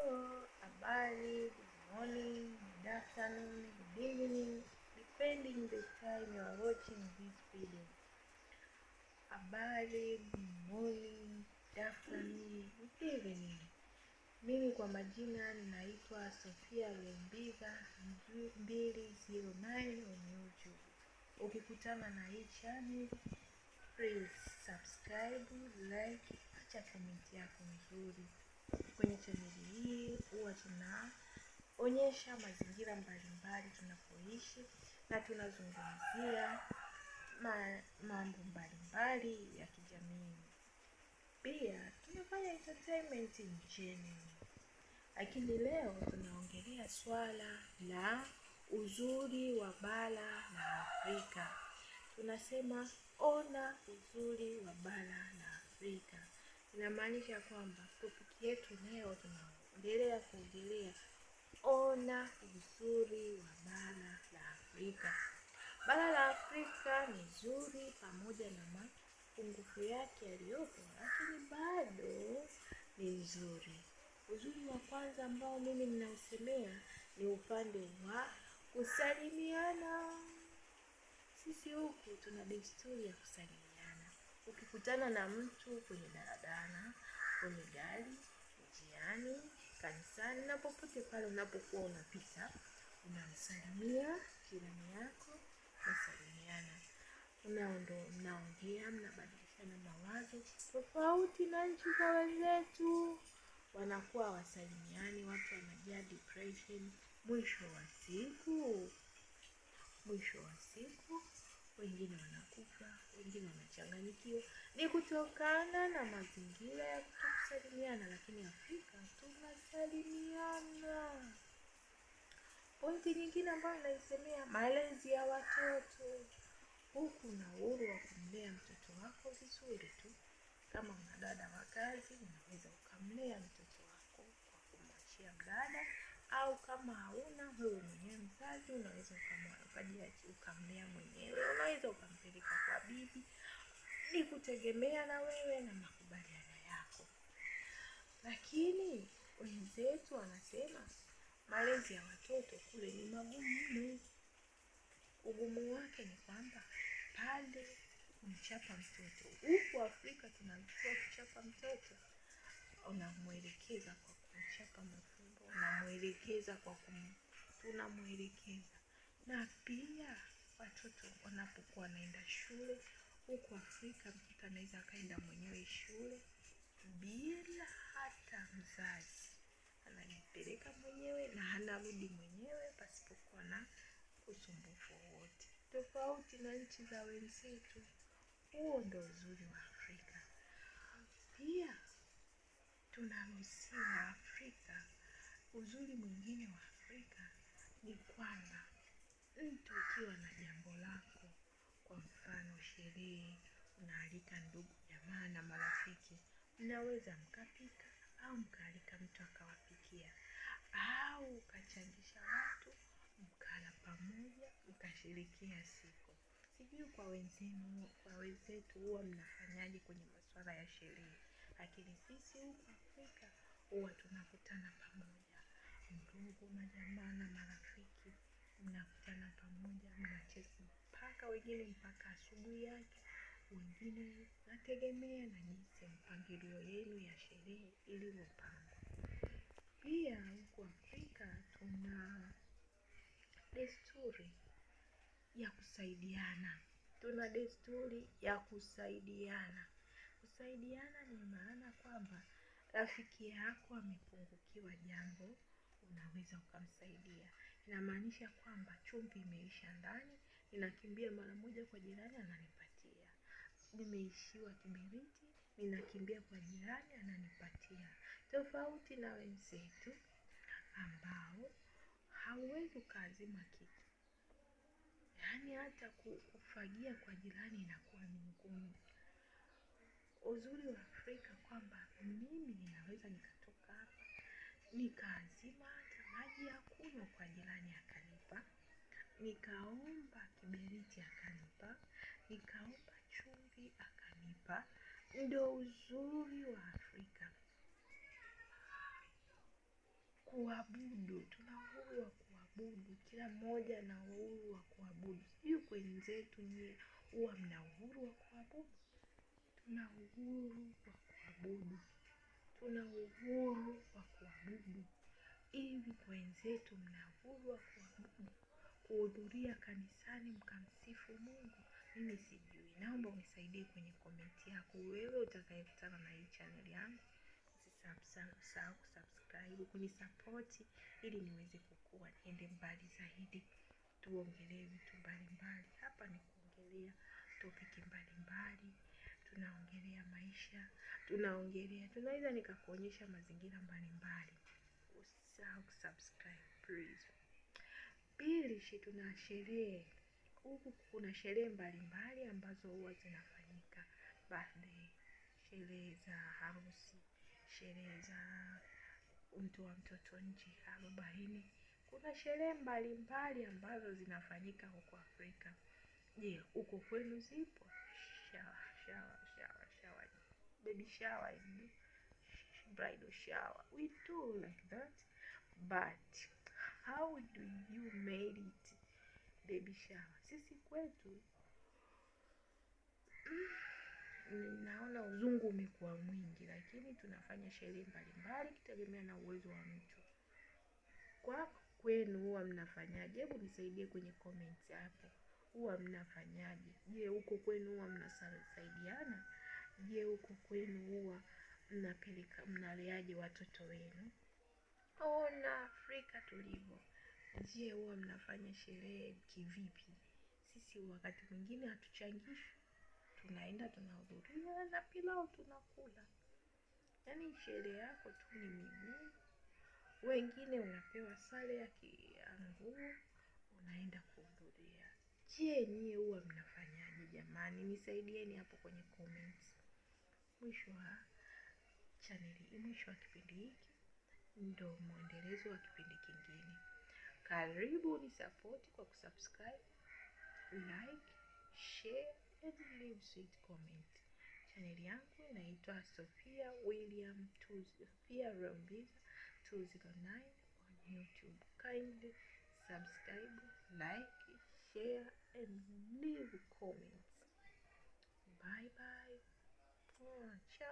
Habari, good afternoon, good evening, depending the time you are watching this video. Habari, good afternoon, good evening. Mimi kwa majina ninaitwa Sofia Lembiga 209 on YouTube. Ukikutana na hii channel, please subscribe, like, acha komenti yako nzuri. Kwenye chaneli hii huwa tunaonyesha mazingira mbalimbali tunapoishi na tunazungumzia ma, mambo mbalimbali ya kijamii. Pia tunafanya entertainment in general, lakini leo tunaongelea swala la uzuri wa bara la Afrika. Tunasema ona uzuri wa bara la Afrika. Inamaanisha kwamba topiki yetu leo tunaendelea kuongelea ona uzuri wa bara la Afrika. Bara la Afrika ni zuri pamoja na mapungufu yake yaliyopo, lakini bado ni nzuri. Uzuri wa kwanza ambao mimi ninausemea ni upande wa kusalimiana. Sisi huku tuna desturi ya kusalimiana. Ukikutana na mtu kwenye daladala, kwenye gari, njiani, kanisani na popote pale unapokuwa unapita, unamsalimia jirani yako, mnasalimiana, unaondo, mnaongea, mnabadilishana mawazo tofauti na nchi za wenzetu. Wanakuwa wasalimiani watu wanajaa depression. Mwisho wa siku, mwisho wa siku wengine wanakufa wengine wanachanganyikiwa. Ni kutokana na mazingira ya kutokusalimiana, lakini Afrika tunasalimiana. Pointi nyingine ambayo naisemea, malezi ya watoto. Huku na uhuru wa kumlea mtoto wako vizuri tu. Kama una dada wa kazi, unaweza ukamlea mtoto wako kwa kumwachia mdada au kama hauna wewe mwenyewe mzazi unaweza ukamlea mwenyewe, unaweza ukampeleka kwa bibi, ni kutegemea na wewe na makubaliano yako. Lakini wenzetu wanasema malezi ya watoto kule ni magumu mno. Ugumu wake ni kwamba pale kumchapa mtoto, huku Afrika tunamchukua kuchapa mtoto unamwelekeza kwa Tunamchapa mfumbo, unamwelekeza kwa kum, tunamwelekeza na pia watoto wanapokuwa wanaenda shule huku Afrika, mtoto anaweza akaenda mwenyewe shule bila hata mzazi, anajipeleka mwenyewe na anarudi mwenyewe pasipokuwa na usumbufu wowote, tofauti na nchi za wenzetu. Huo ndo uzuri wa Afrika. Pia tunaruhusiwa Afrika, uzuri mwingine wa Afrika ni kwamba mtu ukiwa na jambo lako, kwa mfano sherehe, unaalika ndugu jamaa na marafiki, mnaweza mkapika au mkaalika mtu akawapikia au ukachangisha watu mkala pamoja mkashirikia siku. Sijui kwa wenzenu, kwa wenzetu huwa mnafanyaje kwenye masuala ya sherehe, lakini sisi huku Afrika huwa tunakutana pamoja, ndugu, majamaa na marafiki, mnakutana pamoja, mnacheza mpaka wengine mpaka asubuhi yake, wengine nategemea na jinsi mpangilio yenu ya sherehe ilivyopangwa. Pia huku Afrika tuna desturi ya kusaidiana, tuna desturi ya kusaidiana. Kusaidiana ni maana kwamba rafiki yako amepungukiwa jambo, unaweza ukamsaidia. Inamaanisha kwamba chumvi imeisha ndani, ninakimbia mara moja kwa jirani ananipatia. Nimeishiwa kiberiti, ninakimbia kwa jirani ananipatia. Tofauti na wenzetu ambao hauwezi ukaazima kitu, yaani hata kufagia kwa jirani inakuwa ni ngumu uzuri wa Afrika kwamba mimi ninaweza nikatoka hapa nikaazima hata maji ya kunywa kwa jirani akanipa, nikaomba kiberiti akanipa, nikaomba chumvi akanipa. Ndio uzuri wa Afrika, kuabudu. Tuna uhuru wa kuabudu, kila mmoja ana uhuru wa kuabudu. Sijui kwenzetu nyie huwa mna uhuru wa kuabudu? tuna uhuru wa kuabudu, tuna uhuru wa kuabudu. Hivi wenzetu, mna uhuru wa kuabudu, kuhudhuria kanisani mkamsifu Mungu? Mimi sijui, naomba unisaidie kwenye komenti yako, wewe utakayekutana na hii chaneli yangu. Usisahau kusubscribe, kunisapoti ili niweze kukua, niende mbali zaidi, tuongelee vitu mbalimbali. Hapa ni kuongelea topiki mbalimbali tunaongelea maisha, tunaongelea tunaweza nikakuonyesha mazingira mbalimbali. Usisahau kusubscribe please. Pili shi tuna sherehe huku, kuna sherehe mbalimbali ambazo huwa zinafanyika birthday, sherehe za harusi, sherehe za mtu wa mtoto nje, arobaini. Kuna sherehe mbalimbali ambazo zinafanyika huko Afrika. Je, huko kwenu zipo? Shawa shawa baby shower is bridal shower. We do like that, but how do you made it baby shower? Sisi kwetu mm, naona uzungu umekuwa mwingi, lakini tunafanya sherehe mbalimbali kutegemea na uwezo wa mtu. Kwa kwenu huwa mnafanyaje? Hebu nisaidie kwenye comments hapo, huwa mnafanyaje? Je, huko kwenu huwa mnasaidiana? Je, huko kwenu huwa mnapeleka mnaleaje watoto wenu? Ona oh, Afrika tulivyo. Je, huwa mnafanya sherehe kivipi? Sisi wakati mwingine hatuchangishi tunaenda tunahudhuria na pilau tunakula. Yaani sherehe yako tu ni miguu, wengine unapewa sare ya nguo unaenda kuhudhuria. Je, nyie huwa mnafanyaje jamani? Nisaidieni hapo kwenye comments mwisho wa chaneli, mwisho wa kipindi hiki ndo mwendelezo wa kipindi kingine. Karibu ni support kwa kusubscribe, like, share and leave sweet comment. Chaneli yangu inaitwa sophia William Sofia Rombiza 209 on YouTube. Kindly subscribe, like, share and leave comments. Bye bye. 嗯，行。